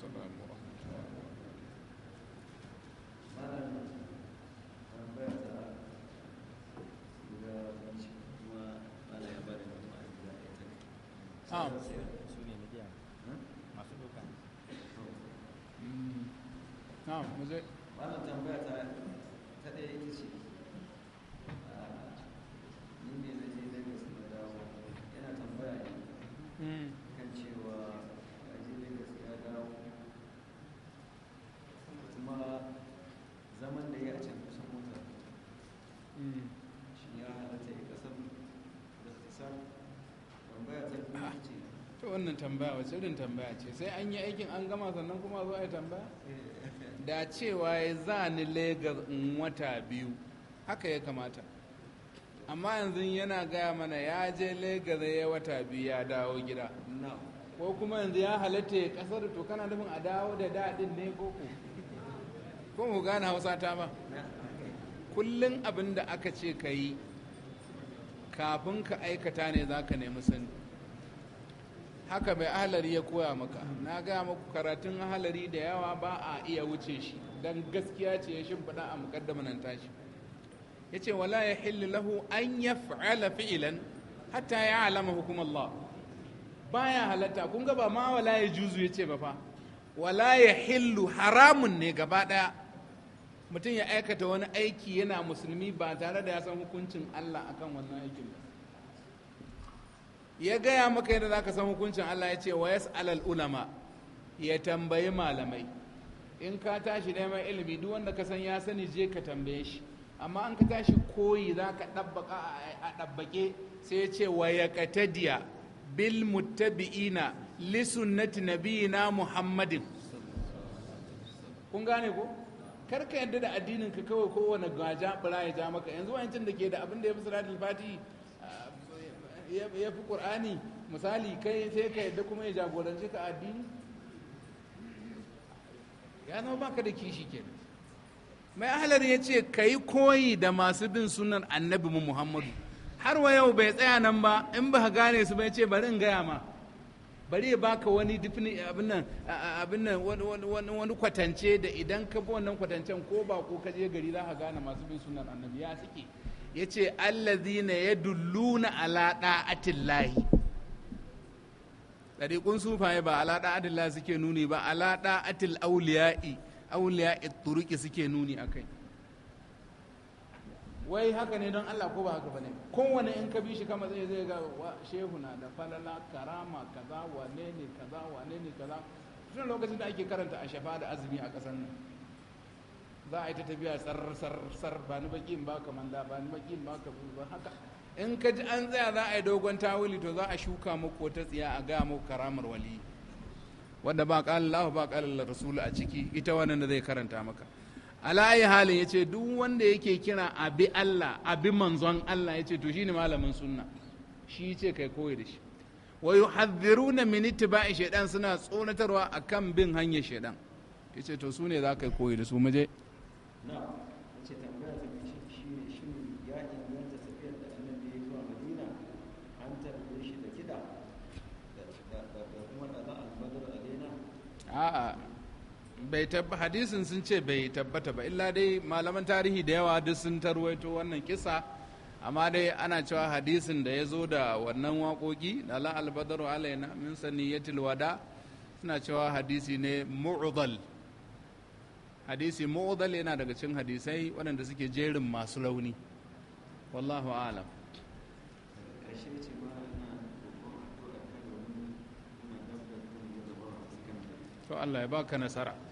والسلام ورحمة الله وبركاته. نعم. نعم. to wannan tambaya wace irin tambaya ce sai an yi aikin an gama sannan kuma zo a yi tambaya da cewa ya za ni legas in wata biyu haka ya kamata amma yanzu yana gaya mana ya je legas ya wata biyu ya dawo gida ko kuma yanzu ya halatta ya kasar to kana nufin a dawo da daɗin ne ko ko mu gane hausa ta ba kullum abin da aka ce ka yi kafin ka aikata ne za ka nemi sani haka mai ahalari ya koya maka na gaya maku karatun ahalari da yawa ba a iya wuce shi don gaskiya ce ya shimfiɗa a muƙaddama nan tashi ya ce wala ya hilli lahu an ya fa'ala fi'ilan hatta ya alama hukumallah Ba ya halatta kun ga ba ma wala ya juzu ya ce ba fa wala ya hillu haramun ne gaba ɗaya mutum ya aikata wani aiki yana musulmi ba tare da ya san hukuncin Allah akan wannan aikin ba ya gaya maka yadda zaka san hukuncin Allah ya ce wa yas'alal ulama ya tambayi malamai in ka tashi neman ilimi duk wanda ka san ya sani je ka tambaye shi amma an ka tashi koyi zaka ka a ɗabbake sai ya ce wa ya bil muttabi'ina li sunnati nabiyina muhammadin kun gane ko kar ka yadda da addinin ka kawai kowane gaja bura ya ja maka yanzu wancan da ke da abin da ya fi salatul fatihi ya fi ƙur'ani misali kai sai ka yadda kuma ya jagoranci ka addini ya zama baka da kishi ke mai ahalar ya ce ka yi koyi da masu bin sunan annabi mu muhammadu har wa yau bai tsaya nan ba in ba gane su bai ce bari in gaya ma bari ya baka wani abin nan wani kwatance da idan ka bi wannan kwatancen ko ba ko ka je gari za ka gane masu bin sunan annabi ya tsike ya ce na ya dulluna alaɗa da'atin lahi ɗariƙun sufaye ba alaɗa da'atin lahi suke nuni ba alaɗa da'atin auliya'i auliya'i turuki suke nuni a kai wai haka ne don allah ko ba haka ba ne kowane in ka bi shi kama zai zai ga na da falala karama kaza wane ne kaza wane ne kaza tun lokacin da ake karanta a shafa da azumi a ƙasar nan za a yi ta tafiya sar ba ni baki in baka manda ba ni baki in baka ba haka in ka ji an tsaya za a yi dogon tawili to za a shuka muku wata tsiya a ga muku karamar wali wanda ba qala Allah ba qala Rasul a ciki ita wannan da zai karanta maka alayi halin ya ce duk wanda yake kira abi Allah abi manzon Allah ya ce to shi ne malamin sunna shi ce kai koyi da shi wa yuhadhiruna min ittiba'i shaytan suna tsonatarwa akan bin hanyar shaytan yace to su ne za ka koyi da su je. na wace tambaya da ya da da kuma hadisin sun ce bai tabbata ba illa dai malaman tarihi da yawa duk sun tarwaito wannan kisa amma dai ana cewa hadisin da ya zo da wannan waƙoƙi da la albadaru alaina min saniyatil wada suna cewa hadisi ne mu'udal hadisi mu'udal yana daga cikin hadisai waɗanda suke jerin masu rauni wallahu alam to Allah ya baka nasara